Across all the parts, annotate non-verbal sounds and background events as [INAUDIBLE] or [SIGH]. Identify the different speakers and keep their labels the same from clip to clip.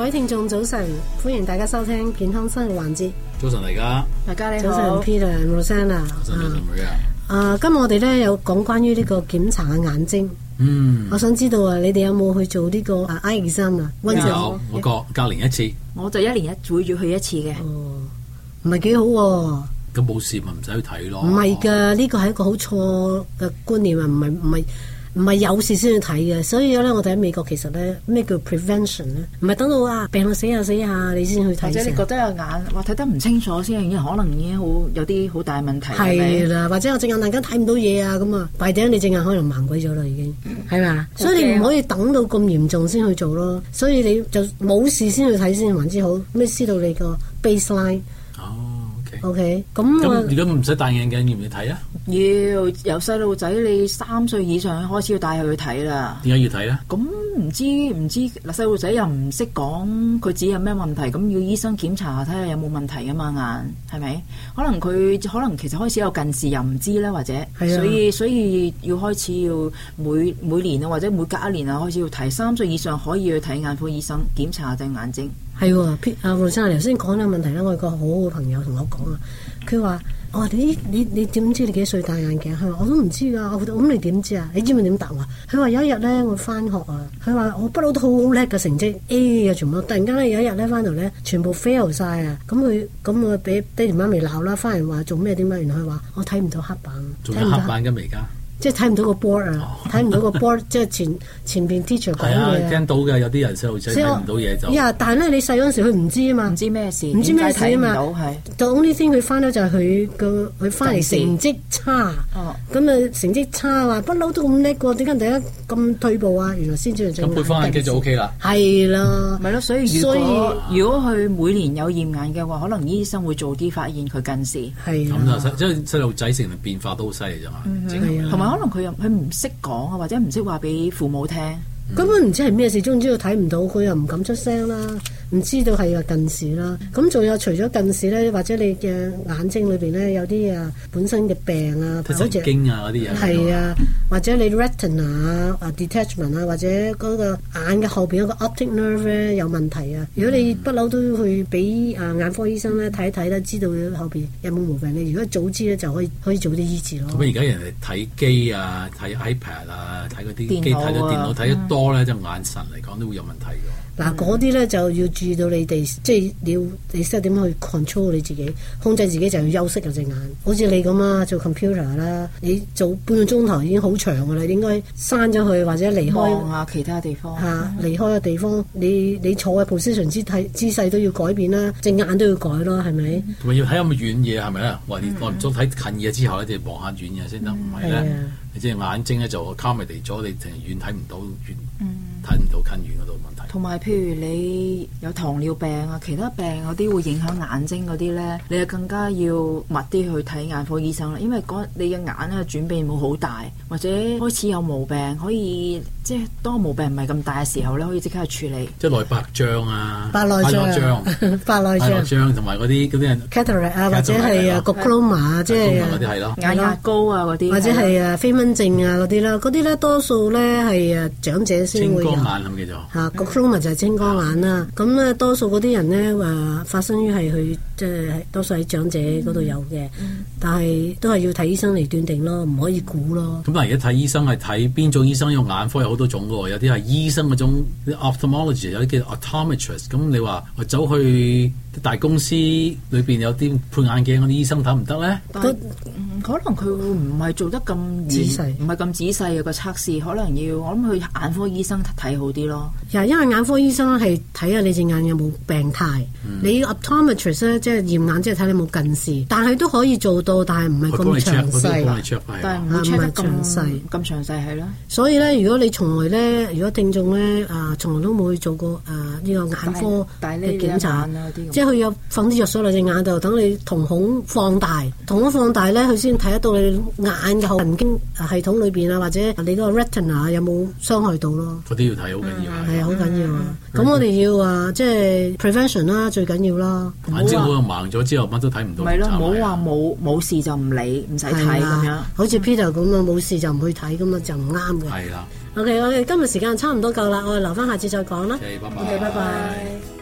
Speaker 1: 各位聽眾早晨，歡迎大家收聽健康生活環節。早晨大家，大家你好，Peter、Rosanna，早晨啊。啊，今日我哋咧有講關於呢個檢查啊眼睛。嗯，我想知道啊，你哋有冇去做呢個 I 二三啊？有，我覺
Speaker 2: 隔年一次。
Speaker 1: 我就一年一會要去一次嘅。哦，唔係幾好。咁
Speaker 2: 冇事咪唔使去睇咯。唔
Speaker 1: 係噶，呢個係一個好錯嘅觀念啊，唔係唔係。唔係有事先去睇嘅，所以咧我睇美國其實咧咩叫 prevention 咧？唔係等到啊病到死下死下你先去睇先，你覺
Speaker 3: 得有眼話睇得唔清楚先，可能已經好有啲好大問題係啦。
Speaker 1: 或者我隻眼突然間睇唔到嘢啊咁啊，弊頂你隻眼可能盲鬼咗啦已經，係嘛嗎？所以你唔可以等到咁嚴重先去做咯。所以你就冇事先去睇先還之好，咩知道你個 baseline。O K，咁
Speaker 3: 而
Speaker 2: 家唔使戴眼鏡
Speaker 3: 要唔要睇啊？要，要，由細路仔你三歲以上開始要帶佢去睇啦。點解要睇咧？咁唔知唔知嗱，細路仔又唔識講，佢自己有咩問題，咁要醫生檢查下，睇下有冇問題啊嘛？眼係咪？可能佢可能其實開始有近視又唔知咧，或者，係啊。所以所以要開始要每每年啊，或者每隔一年啊，開始要睇。三歲以上可以去睇眼科醫生檢查下隻眼睛。
Speaker 1: 係喎，阿胡生啊，頭先講嘅問題咧，我有個好好嘅朋友同我講啊，佢話：我話你你你點知你幾歲戴眼鏡？佢話我都唔知噶，我咁你點知啊？你知唔知點答我？佢話有一日咧，我翻學啊，佢話我不嬲都好叻嘅成績 A 嘅、哎、全部，突然間咧有一日咧翻到咧，全部 fail 曬啊！咁佢咁我俾爹哋媽咪鬧啦，翻嚟話做咩點解？原來佢話我睇唔到黑板，做黑板咁而家。」即係睇唔到個 board 啊，睇唔到個 board，即係前前邊 teacher 講嘢啊。
Speaker 2: 聽到嘅有啲人細路仔睇唔到嘢就。
Speaker 1: 但係咧你細嗰陣時佢唔知啊嘛，唔知咩事，唔知咩事啊嘛。但係睇到佢翻咗，就係佢個佢翻嚟成績差。咁啊成績差啊，不嬲都咁叻過，點解突然間咁退步啊？原來先至係。咁配翻眼
Speaker 3: 鏡就 OK 啦。係啦。咪咯，所以如果如果佢每年有驗眼嘅話，可能醫生會早啲發現佢近視。係。咁
Speaker 2: 即係細路仔成日變化都好犀利啫嘛。嗯
Speaker 3: 嗯。可能佢又佢唔識講
Speaker 1: 啊，或者唔識話俾父母聽，根本唔知係咩事，總之佢睇唔到，佢又唔敢出聲啦。唔知道係啊近視啦，咁仲有除咗近視咧，或者你嘅眼睛裏邊咧有啲啊本身嘅病啊，或者眼鏡啊嗰啲嘢，係啊，或者你 retina 啊、 [LAUGHS] detachment 啊，或者嗰個眼嘅後邊嗰個 optic nerve 呢有問題啊。如果你不嬲都去俾啊眼科醫生咧睇一睇咧，知道後邊有冇毛病你。如果早知咧，就可以可以早啲醫治咯。咁而
Speaker 2: 家人哋睇機啊、睇 iPad 啊、睇嗰啲機睇咗電話啊、電腦睇得多咧，就、嗯、眼神嚟講都會有問題㗎。
Speaker 1: 嗱，嗰啲咧就要注意到你哋，即、就、係、是、你要你識得點樣去 control 你自己，控制自己就要休息隻眼。好似你咁啊，做 computer 啦，你做半個鐘頭已經好長㗎喇，你應該閂咗佢或者離開下其他地方嚇，離開個地方，你你坐嘅 position 姿態姿勢都要改變啦，隻眼都要改咯，係咪？
Speaker 2: 同要睇咁遠嘢係咪咧？我我唔想睇近嘢之後咧，就望下遠嘢先得，唔係咧，你隻眼睛咧就 accommodate 咗，你成遠睇唔到遠睇唔、嗯、到近遠嗰度問題。
Speaker 3: 同埋，譬如你有糖尿病啊、其他病嗰啲會影響眼睛嗰啲咧，你就更加要密啲去睇眼科醫生啦。因為嗰你嘅眼咧轉變冇好大，或者開始有毛病，可以即係當毛病唔係咁大嘅時候咧，可以即刻去處理。
Speaker 2: 即係內白障啊，
Speaker 1: 白
Speaker 3: 內障，白內障
Speaker 2: 同埋嗰啲嗰
Speaker 3: 啲人 cataract 啊，或者係啊
Speaker 1: glaucoma 啊，即係眼壓高啊嗰啲，或者係啊飛蚊症啊嗰啲啦，嗰啲咧多數咧係啊長者先會有青光眼咁叫做嚇角。都咪就係青光眼啦，咁咧多數嗰啲人咧話發生於係佢即係多數喺長者嗰度有嘅，但係都係要睇醫生嚟斷定咯，唔可以估咯。
Speaker 2: 咁但係而家睇醫生係睇邊種醫生用眼科有好多種嘅喎，有啲係醫生嗰種 ophthalmologist，有啲叫 optometrist。咁你話我走去大公司裏面有啲配眼鏡嗰啲醫生睇唔
Speaker 3: 得咧？可能佢會唔係做得咁仔細細，唔係咁仔細有、嗰個測試。可能要我諗，去眼科醫生睇好啲咯。
Speaker 1: 因為眼科醫生係睇下你隻眼有冇病態，嗯、你 optometrist 咧即係驗眼，即係睇你冇近視，但係都可以做到，但係唔係咁詳細啊！唔係咁詳細，咁詳細係咯。所以咧，如果你從來咧，如果定重咧啊，從來都冇去做過啊呢、呢個眼科嘅檢查，是是即係佢有放啲藥水落隻眼度，等麼你瞳孔放大，瞳孔放大咧，佢先。睇得到你眼嘅神經系統裏邊啊，或者你嗰個 retina 有冇傷害到咯？
Speaker 2: 嗰啲要睇好緊要啊！係啊，好緊
Speaker 1: 要啊！咁我哋要啊，即係 profession 啦，最緊要啦。眼睛好
Speaker 2: 盲咗之後，乜都睇唔到。係咯，唔好話冇
Speaker 1: 冇事就唔理，唔使睇咁樣。好似 Peter 咁啊，冇事就唔去睇咁啊，就唔啱嘅。係啦。OK，我哋今日時間差唔多夠啦，我哋留翻下次再講啦。OK，拜拜。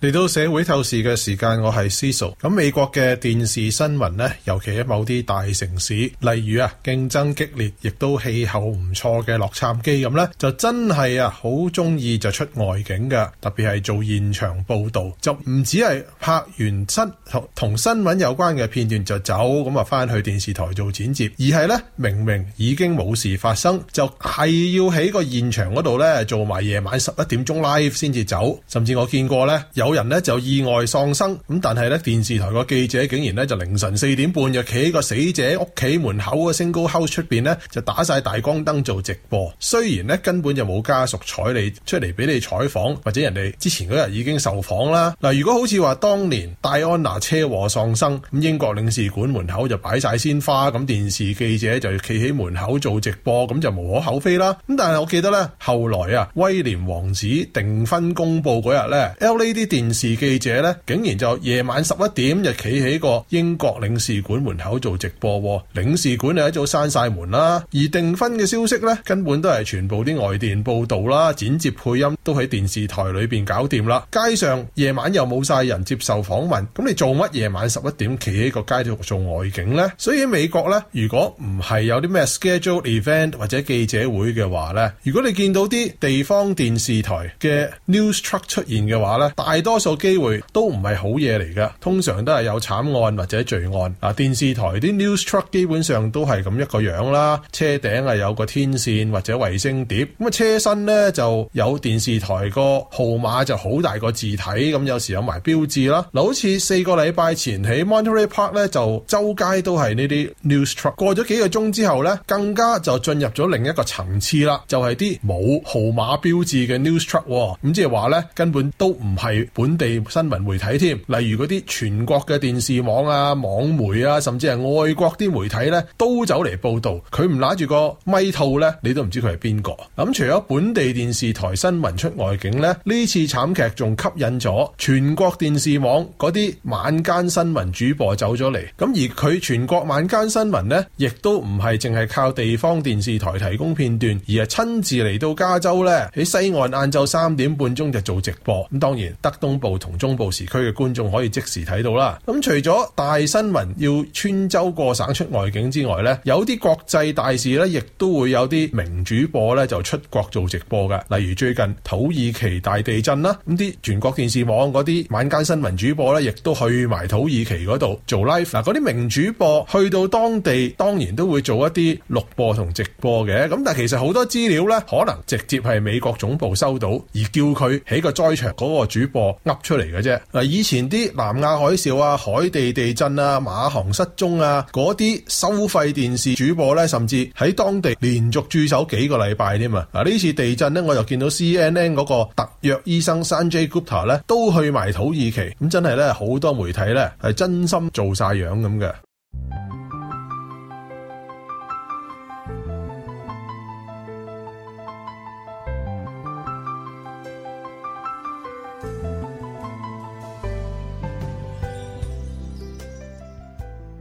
Speaker 4: 嚟到社會透視嘅時間，我係 c 徒。咁美國嘅電視新聞呢，尤其喺某啲大城市，例如啊競爭激烈，亦都氣候唔錯嘅洛杉磯咁呢就真係啊好中意就出外景嘅，特別係做現場報道，就唔止係拍完新同新聞有關嘅片段就走，咁啊翻去電視台做剪接，而係呢，明明已經冇事發生，就係要喺個現場嗰度呢做埋夜晚十一點鐘 live 先至走，甚至我見過呢，有。有人呢就意外喪生咁，但係咧電視台個記者竟然咧就凌晨四點半就企喺個死者屋企門口嘅 single house 出邊咧就打晒大光燈做直播，雖然咧根本就冇家屬采你出嚟俾你採訪，或者人哋之前嗰日已經受訪啦。嗱，如果好似話當年戴安娜車禍喪生咁，英國領事館門口就擺晒鮮花，咁電視記者就要企喺門口做直播，咁就無可厚非啦。咁但係我記得咧後來啊，威廉王子訂婚公佈嗰日咧 l a d 電視記者咧，竟然就夜晚十一點就企喺個英國領事館門口做直播喎。領事館就一早閂晒門啦，而訂婚嘅消息咧，根本都係全部啲外電報道啦，剪接配音都喺電視台裏邊搞掂啦。街上夜晚又冇晒人接受訪問，咁你做乜夜晚十一點企喺個街度做外景呢？所以喺美國咧，如果唔係有啲咩 schedule event 或者記者會嘅話咧，如果你見到啲地方電視台嘅 news truck 出現嘅話咧，大多數機會都唔係好嘢嚟噶，通常都係有慘案或者罪案。啊，電視台啲 news truck 基本上都係咁一個樣啦，車頂係有個天線或者衛星碟，咁啊車身咧就有電視台個號碼就好大個字體，咁有時有埋標誌啦。嗱，好似四個禮拜前起 Monterey Park 咧，就周街都係呢啲 news truck。過咗幾個鐘之後咧，更加就進入咗另一個層次啦，就係啲冇號碼標誌嘅 news truck。咁即係話咧，根本都唔係。本地新聞媒體添，例如嗰啲全國嘅電視網啊、網媒啊，甚至係外國啲媒體呢，都走嚟報道。佢唔攞住個咪套呢，你都唔知佢係邊個。咁、嗯、除咗本地電視台新聞出外景呢，呢次慘劇仲吸引咗全國電視網嗰啲晚間新聞主播走咗嚟。咁而佢全國晚間新聞呢，亦都唔係淨係靠地方電視台提供片段，而係親自嚟到加州呢，喺西岸晏晝三點半鐘就做直播。咁、嗯、當然得到。東部同中部時區嘅觀眾可以即時睇到啦。咁除咗大新聞要穿州過省出外景之外呢，有啲國際大事呢，亦都會有啲名主播呢，就出國做直播㗎。例如最近土耳其大地震啦，咁啲全國電視網嗰啲晚間新聞主播呢，亦都去埋土耳其嗰度做 live。嗱，嗰啲名主播去到當地，當然都會做一啲錄播同直播嘅。咁但係其實好多資料呢，可能直接係美國總部收到，而叫佢喺個災場嗰個主播噏出嚟嘅啫，嗱，以前啲南亞海嘯啊、海地地震啊、馬航失蹤啊，嗰啲收費電視主播咧，甚至喺當地連續駐守幾個禮拜添啊！嗱呢次地震咧，我就見到 C N N 嗰個特約醫生 Sanjay Gupta 咧都去埋土耳其，咁真係咧好多媒體咧係真心做晒樣咁嘅。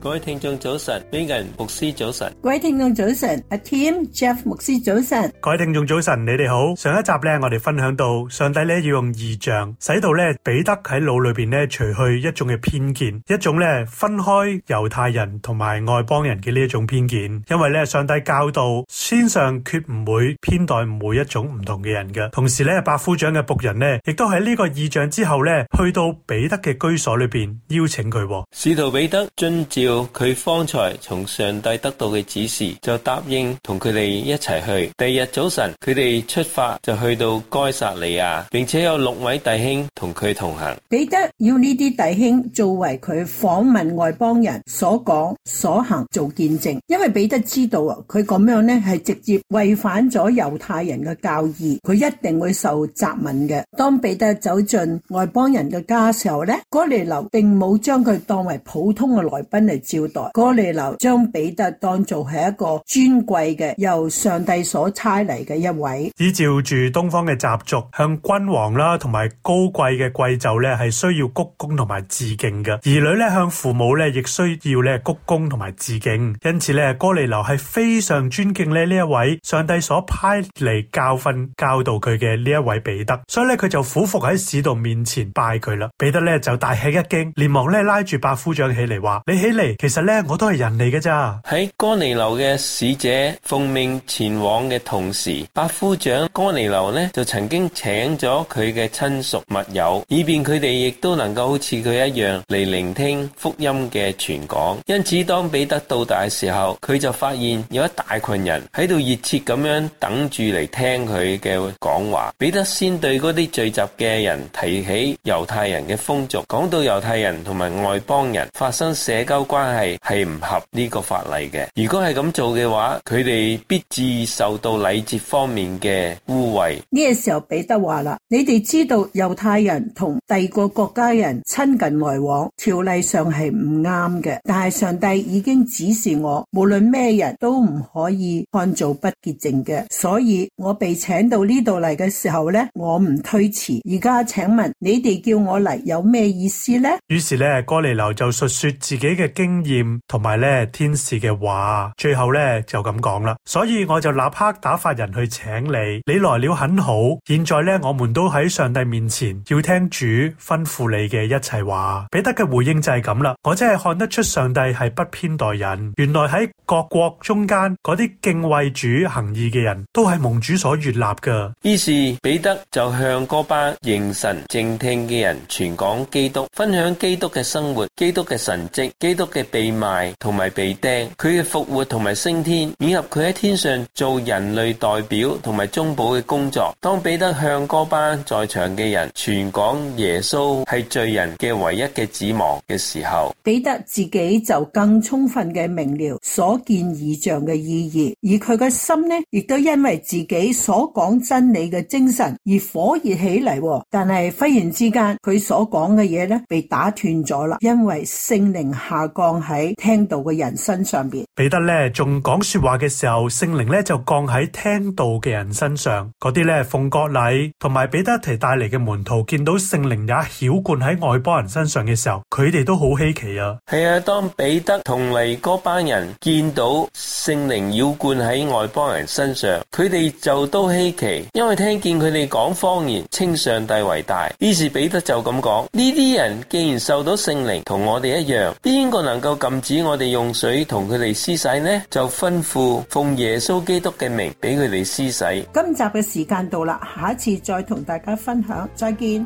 Speaker 5: 各位聽眾早
Speaker 6: 晨，美銀牧師早晨。
Speaker 7: 各位聽眾早晨，阿 Tim、Jeff 牧師早晨。
Speaker 6: 各位聽眾早晨，你哋好。上一集咧，我哋分享到上帝咧要用異象，使到咧彼得喺腦裏邊咧除去一種嘅偏見，一種咧分開猶太人同埋外邦人嘅呢一種偏見。因為咧，上帝教導先上決唔會偏待每一種唔同嘅人嘅。同時咧，百夫長嘅僕人咧，亦都喺呢個異象之後咧，去到彼得嘅居所裏邊邀請佢。
Speaker 5: 使徒彼得遵照佢方才從上帝得到嘅指示，就答應同佢哋一齊去。第日。早晨，佢哋出發就去到該撒利亞，並且有六位弟兄同佢同行。
Speaker 7: 彼得要呢啲弟兄作為佢訪問外邦人所講所行做見證，因為彼得知道佢咁樣呢係直接違反咗猶太人嘅教義，佢一定會受責問嘅。當彼得走進外邦人嘅家時候呢，哥尼流並冇將佢當為普通嘅來賓嚟招待，哥尼流將彼得當做係一個尊貴嘅，由上帝所差嚟嘅
Speaker 6: 一位，依照住東方嘅習俗，向君王啦同埋高貴嘅貴族咧係需要鞠躬同埋致敬嘅，兒女咧向父母咧亦需要咧鞠躬同埋致敬。因此咧，哥尼流係非常尊敬咧呢一位上帝所派嚟教訓教導佢嘅呢一位彼得，所以咧佢就俯伏喺使徒面前拜佢啦。彼得咧就大吃一驚，連忙咧拉住百夫長起嚟話：你起嚟，其實咧我都係人嚟㗎咋？
Speaker 5: 喺哥尼流嘅使者奉命前往嘅同。時，百夫長哥尼流呢就曾經請咗佢嘅親屬密友，以便佢哋亦都能夠好似佢一樣嚟聆聽福音嘅傳講。因此，當彼得到達嘅時候，佢就發現有一大群人喺度熱切咁樣等住嚟聽佢嘅講話。彼得先對嗰啲聚集嘅人提起猶太人嘅風俗，講到猶太人同埋外邦人發生社交關係係唔合呢個法例嘅。如果係咁做嘅話，佢哋必至受到禮。方面嘅污穢
Speaker 7: 呢個時候，彼得話啦：，你哋知道猶太人同第二個國家人親近來往，條例上係唔啱嘅。但係上帝已經指示我，無論咩人都唔可以看做不潔淨嘅。所以我被請到呢度嚟嘅時候呢，我唔推遲。而家請問你哋叫我嚟有咩意思呢？」
Speaker 6: 於是呢，哥尼流就述說自己嘅經驗同埋咧天使嘅話，最後呢，就咁講啦。所以我就立刻打人去請你，你來了很好。現在咧，我們都喺上帝面前，要聽主吩咐你嘅一切話。彼得嘅回應就係咁啦，我真係看得出上帝係不偏待人。原來喺各國中間嗰啲敬畏主行義嘅人都係蒙主所悅納嘅。
Speaker 5: 於是彼得就向嗰班凝神正聽嘅人傳講基督，分享基督嘅生活、基督嘅神蹟、基督嘅被賣同埋被釘，佢嘅復活同埋升天，以及佢喺天上做人類。代表同埋中保嘅工作。當彼得向 𠮶 班在場嘅人傳講耶穌係罪人嘅唯一嘅指望嘅時候，
Speaker 7: 彼得自己就更充分嘅明了所見異象嘅意義，而佢嘅心呢，亦都因為自己所講真理嘅精神而火熱起嚟。但係忽然之間，佢所講嘅嘢呢，被打斷咗啦，因為聖靈下降喺聽道嘅人身上邊。
Speaker 6: 彼得呢，仲講說話嘅時候，聖靈呢就降喺聽。聽到嘅人身上，嗰啲咧奉割禮同埋彼得提帶嚟嘅門徒見到聖靈也澆灌喺外邦人身上嘅時候，佢哋都好稀奇啊！
Speaker 5: 係啊，當彼得同嚟嗰班人見到聖靈澆灌喺外邦人身上，佢哋就都稀奇，因為聽見佢哋講方言，稱上帝為大。於是彼得就咁講：呢啲人既然受到聖靈同我哋一樣，邊個能夠禁止我哋用水同佢哋施洗呢？就吩咐奉耶穌基督嘅名俾。施洗
Speaker 7: 今集嘅時間到啦，下一次再同大家分享，再見。